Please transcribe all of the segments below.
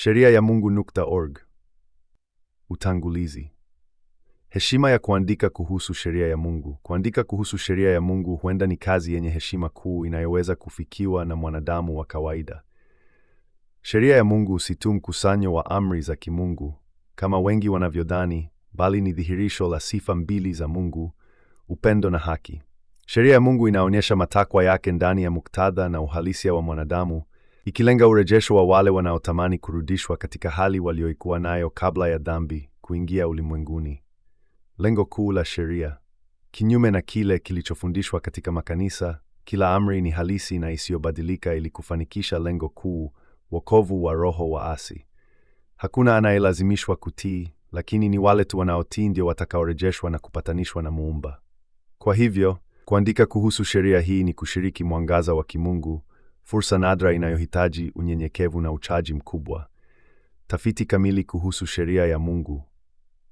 Sheria ya org. Utangulizi. Heshima ya kuandika kuhusu sheria ya Mungu. Kuandika kuhusu sheria ya Mungu huenda ni kazi yenye heshima kuu inayoweza kufikiwa na mwanadamu wa kawaida. Sheria ya Mungu si tu mkusanyo wa amri za kimungu kama wengi wanavyodhani, bali ni dhihirisho la sifa mbili za Mungu: upendo na haki. Sheria ya Mungu inaonyesha matakwa yake ndani ya muktadha na uhalisia wa mwanadamu, ikilenga urejesho wa wale wanaotamani kurudishwa katika hali walioikuwa nayo kabla ya dhambi kuingia ulimwenguni. Lengo kuu la sheria, kinyume na kile kilichofundishwa katika makanisa, kila amri ni halisi na isiyobadilika ili kufanikisha lengo kuu, wokovu wa roho wa asi Hakuna anayelazimishwa kutii, lakini ni wale tu wanaotii ndio watakaorejeshwa na kupatanishwa na Muumba. Kwa hivyo, kuandika kuhusu sheria hii ni kushiriki mwangaza wa kimungu fursa nadra inayohitaji unyenyekevu na uchaji mkubwa. Tafiti kamili kuhusu sheria ya Mungu.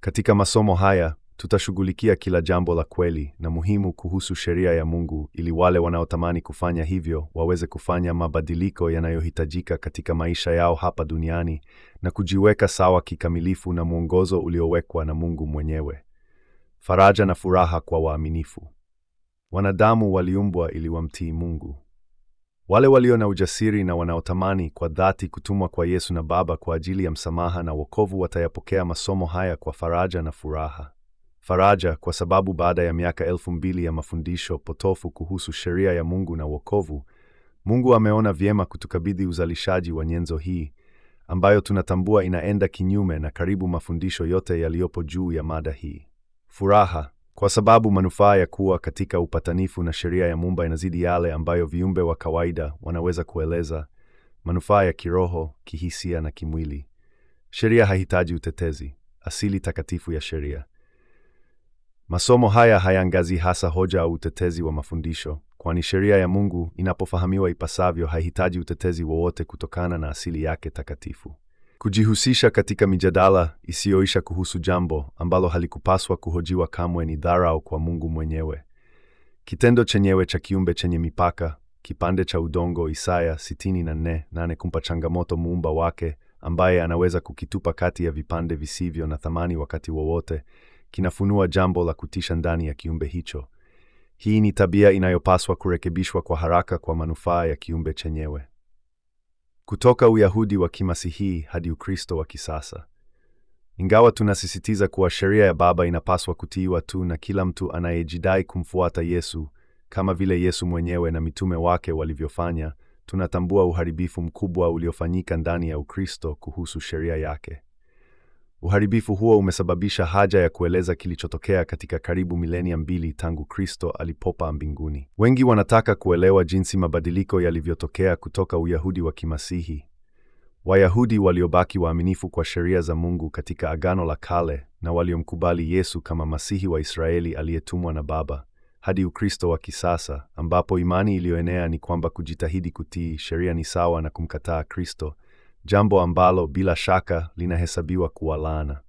Katika masomo haya tutashughulikia kila jambo la kweli na muhimu kuhusu sheria ya Mungu ili wale wanaotamani kufanya hivyo waweze kufanya mabadiliko yanayohitajika katika maisha yao hapa duniani na kujiweka sawa kikamilifu na mwongozo uliowekwa na Mungu mwenyewe. Faraja na furaha kwa waaminifu. Wanadamu waliumbwa ili wamtii Mungu. Wale walio na ujasiri na wanaotamani kwa dhati kutumwa kwa Yesu na Baba kwa ajili ya msamaha na wokovu watayapokea masomo haya kwa faraja na furaha. Faraja kwa sababu baada ya miaka elfu mbili ya mafundisho potofu kuhusu sheria ya Mungu na wokovu, Mungu ameona vyema kutukabidhi uzalishaji wa nyenzo hii ambayo tunatambua inaenda kinyume na karibu mafundisho yote yaliyopo juu ya mada hii. Furaha kwa sababu manufaa ya kuwa katika upatanifu na sheria ya Muumba inazidi yale ambayo viumbe wa kawaida wanaweza kueleza: manufaa ya kiroho, kihisia na kimwili. Sheria haihitaji utetezi, asili takatifu ya sheria. Masomo haya hayangazi hasa hoja au utetezi wa mafundisho, kwani sheria ya Mungu inapofahamiwa ipasavyo haihitaji utetezi wowote kutokana na asili yake takatifu. Kujihusisha katika mijadala isiyoisha kuhusu jambo ambalo halikupaswa kuhojiwa kamwe ni dharau kwa Mungu mwenyewe. Kitendo chenyewe cha kiumbe chenye mipaka, kipande cha udongo, Isaya 64:8, kumpa changamoto muumba wake ambaye anaweza kukitupa kati ya vipande visivyo na thamani wakati wowote, kinafunua jambo la kutisha ndani ya kiumbe hicho. Hii ni tabia inayopaswa kurekebishwa kwa haraka kwa manufaa ya kiumbe chenyewe kutoka Uyahudi wa kimasihi hadi Ukristo wa kisasa. Ingawa tunasisitiza kuwa sheria ya Baba inapaswa kutiiwa tu na kila mtu anayejidai kumfuata Yesu kama vile Yesu mwenyewe na mitume wake walivyofanya, tunatambua uharibifu mkubwa uliofanyika ndani ya Ukristo kuhusu sheria yake. Uharibifu huo umesababisha haja ya kueleza kilichotokea katika karibu milenia mbili tangu Kristo alipopaa mbinguni. Wengi wanataka kuelewa jinsi mabadiliko yalivyotokea kutoka Uyahudi wa kimasihi, Wayahudi waliobaki waaminifu kwa sheria za Mungu katika Agano la Kale na waliomkubali Yesu kama Masihi wa Israeli aliyetumwa na Baba, hadi Ukristo wa kisasa ambapo imani iliyoenea ni kwamba kujitahidi kutii sheria ni sawa na kumkataa Kristo jambo ambalo bila shaka linahesabiwa kuwa laana.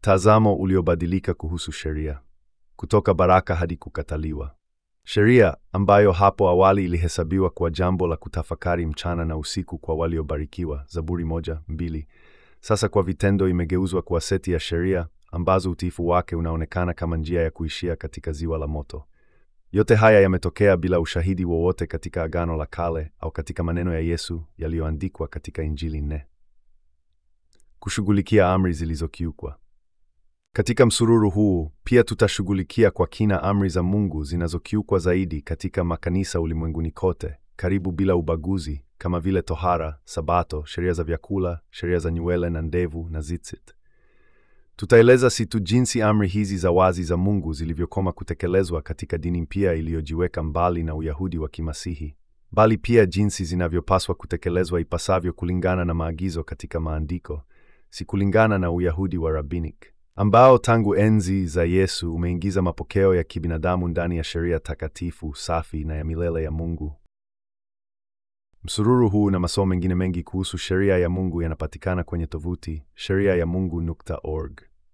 Tazamo uliobadilika kuhusu sheria, kutoka baraka hadi kukataliwa. Sheria ambayo hapo awali ilihesabiwa kwa jambo la kutafakari mchana na usiku kwa waliobarikiwa, Zaburi moja mbili, sasa kwa vitendo imegeuzwa kuwa seti ya sheria ambazo utiifu wake unaonekana kama njia ya kuishia katika ziwa la moto. Yote haya yametokea bila ushahidi wowote katika Agano la Kale au katika maneno ya Yesu yaliyoandikwa katika Injili nne. Kushughulikia amri zilizokiukwa. Katika msururu huu pia tutashughulikia kwa kina amri za Mungu zinazokiukwa zaidi katika makanisa ulimwenguni kote, karibu bila ubaguzi, kama vile tohara, Sabato, sheria za vyakula, sheria za nywele na ndevu na tzitzit. Tutaeleza si tu jinsi amri hizi za wazi za Mungu zilivyokoma kutekelezwa katika dini mpya iliyojiweka mbali na Uyahudi wa Kimasihi, bali pia jinsi zinavyopaswa kutekelezwa ipasavyo kulingana na maagizo katika Maandiko, si kulingana na Uyahudi wa Rabbinic ambao tangu enzi za Yesu umeingiza mapokeo ya kibinadamu ndani ya sheria takatifu, safi na ya milele ya Mungu. Msururu huu na masomo mengine mengi kuhusu sheria ya Mungu yanapatikana kwenye tovuti sheria ya mungu.org.